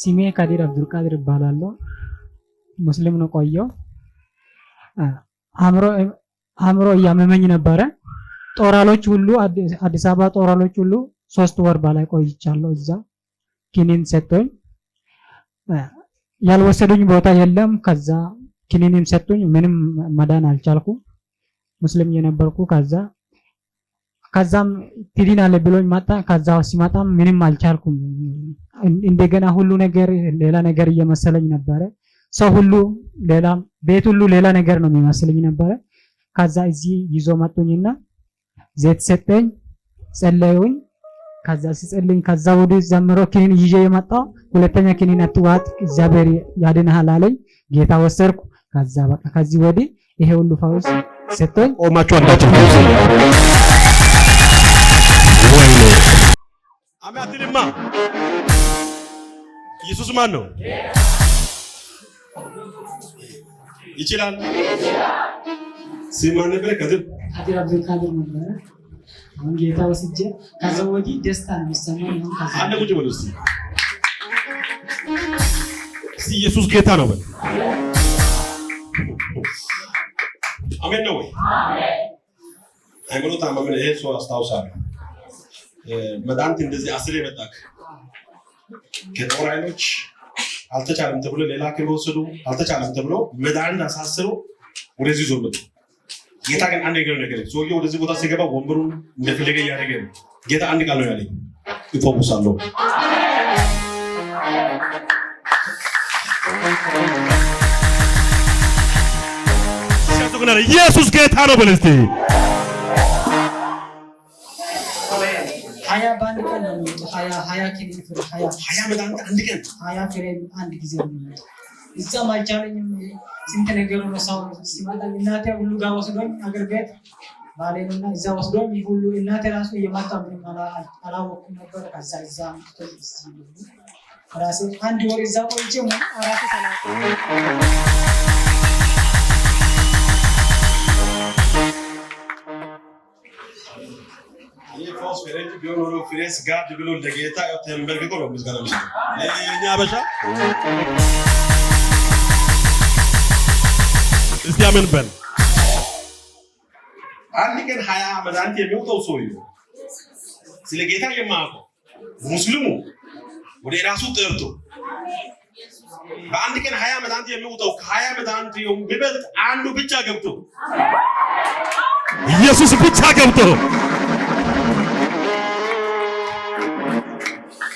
ስሜ ካዲር አብዱልቃድር እባላለሁ። ሙስሊም ነው። ቆየው አእምሮ እያመመኝ ነበረ። ጦራሎች ሁሉ አዲስ አበባ ጦራሎች ሁሉ ሶስት ወር በላይ ቆይቻለሁ። እዛ ኪኒን ሰጥቶኝ ያልወሰዱኝ ቦታ የለም። ከዛ ኪኒንም ሰጥቶኝ ምንም መዳን አልቻልኩ። ሙስሊም የነበርኩ ከዛ ከዛም ትድን አለ ብሎኝ መጣ። ከዛ ሲመጣም ምንም አልቻልኩም። እንደገና ሁሉ ነገር ሌላ ነገር እየመሰለኝ ነበረ። ሰው ሁሉ ሌላ፣ ቤት ሁሉ ሌላ ነገር ነው የሚመስለኝ ነበረ። ከዛ እዚህ ይዞ መጡኝና ዘይት ሰጠኝ፣ ጸለዩኝ። ከዛ ሲጸልኝ ከዛ ወዲህ ዘምሮ ክኒን ይዤ የመጣው ሁለተኛ ክኒን አትዋጥ እግዚአብሔር ያድንሃል አለኝ። ጌታ ወሰድኩ። ከዛ በቃ ከዚህ ወዲህ ይሄ ሁሉ ፈውስ ሰጠኝ። ቆማችሁ አንዳችሁ አሜ አትልማ። ኢየሱስ ማን ነው? ይችላል። ሲማን ነበር ከዚህ አዲር አብዱልካድር ነበር። አሁን ጌታ ወስጄ ከዚያ ወዲህ ደስታ ነው የሚሰማኝ። አንድ ቁጭ ብሎ እስኪ ኢየሱስ ጌታ ነው በል። አሜን ነው ወይ? አሜን። ሃይማኖት አማምን ይሄ ሰው አስታውሳለሁ መድኃኒት እንደዚህ አስር የመጣክ ከጦር ኃይሎች አልተቻለም ተብሎ ሌላ ክብር ወሰዱ። አልተቻለም ተብሎ መድኃኒት አሳስሮ ወደዚህ ዞር መጡ። ጌታ ግን አንድ ነገር ነገር ሰውዬው ወደዚህ ቦታ ሲገባ ወንበሩን እንደፈለገ እያደረገ ነው። ጌታ አንድ ቃል ነው ያለኝ፣ አለው። ኢየሱስ ጌታ ነው በለስቴ ሀያ በአንድ ቀን ነው የሚወጣው። ሀያ ኪሎ ፍሬ ሀያ በጣም አንድ ቀን ሀያ ፍሬ አንድ ጊዜ ነው የሚወጣው። እዛም አልቻለኝም። ስንት ነገሩ ነው ሰው ሲመጣ እናቴ ሁሉ ጋር ወስዶኝ አገር ቤት ባሌንና እዛ ወስዶኝ ሁሉ እናቴ ራሱ እየመጣ ምንም አላወቅኩም ነበር። ከዛ እዛ ራሴ አንድ ወር እዛ ቆይቼ አራት ሰላ ደረቅ ቢሆን ኖሮ ፍሬ ጋድ ብሎ ለጌታ ተንበርክኮ ነው ምስጋና የኛ አበሻ። እስቲ አሜን በል። አንድ ቀን ሀያ ዓመት አንድ የሚወጣው ሰው ስለ ጌታ የማያውቀው ሙስሊሙ ወደ ራሱ ጠርቶ በአንድ ቀን ሀያ ዓመት አንድ የሚወጣው ከሀያ ዓመት አንድ የሚበልጥ አንዱ ብቻ ገብቶ ኢየሱስ ብቻ ገብቶ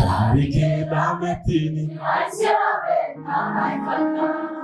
Tarike Bametini, Asia Ben Namaikata.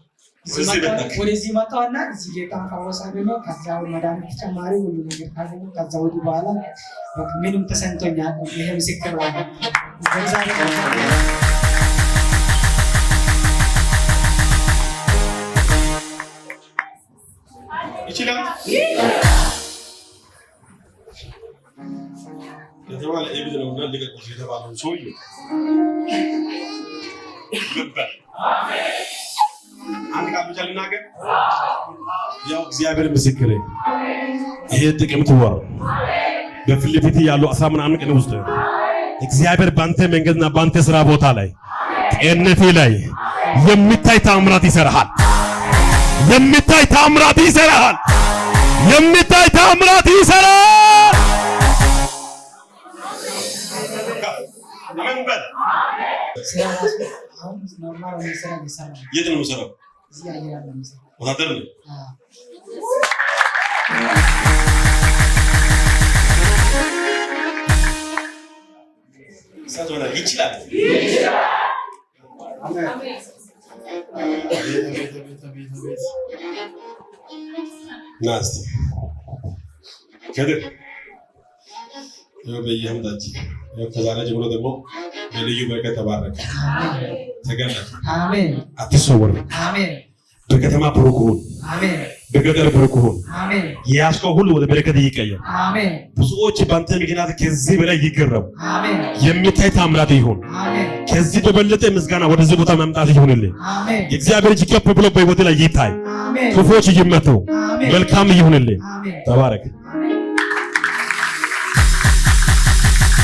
ወደዚህ መጣና እዚህ ጌታ ካወሳኝ ነው። ከዛ መድኃኒት ተጨማሪ ሁሉ ነገር ካገኘ ከዛ ወዲህ በኋላ ምንም ተሰንቶኛ ይሄ ምስክር ነው። የተባለ ኤብድ ነው እና ልቀቁት የተባለው ሰውዬ ልናገር ያው እግዚአብሔር ምስክሬ ይሄ ጥቅምት ወር በፊት ለፊት ያሉ አስራ ምናምን ቀን ውስጥ እግዚአብሔር ባንተ መንገድና ባንተ ስራ ቦታ ላይ ጤንነቴ ላይ የሚታይ ታምራት ይሰራል። የሚታይ ታምራት ይሰራል። የሚታይ ታምራት ይሰራል። የት ነው የምሰራው? ወታደር ነው። ይችላል። ናስቲ ከዛሬ ጀምሮ ደግሞ በልዩ በረከት ተባረከ። ዘገነት አትሰወር። በከተማ ብሩክ ሁን፣ በገጠር ብሩክ ሁን። የያዝከው ሁሉ ወደ በረከት ይቀየር። ብዙዎች በአንተ ምክንያት ከዚህ በላይ ይገረሙ። የሚታይ ታምራት ይሁን። ከዚህ በበለጠ ምስጋና ወደዚህ ቦታ መምጣት ይሁንልህ። የእግዚአብሔር እጅ ከፍ ብሎ በሕይወት ላይ ይታይ። ክፉዎች ይመቱ። መልካም ተባረክ።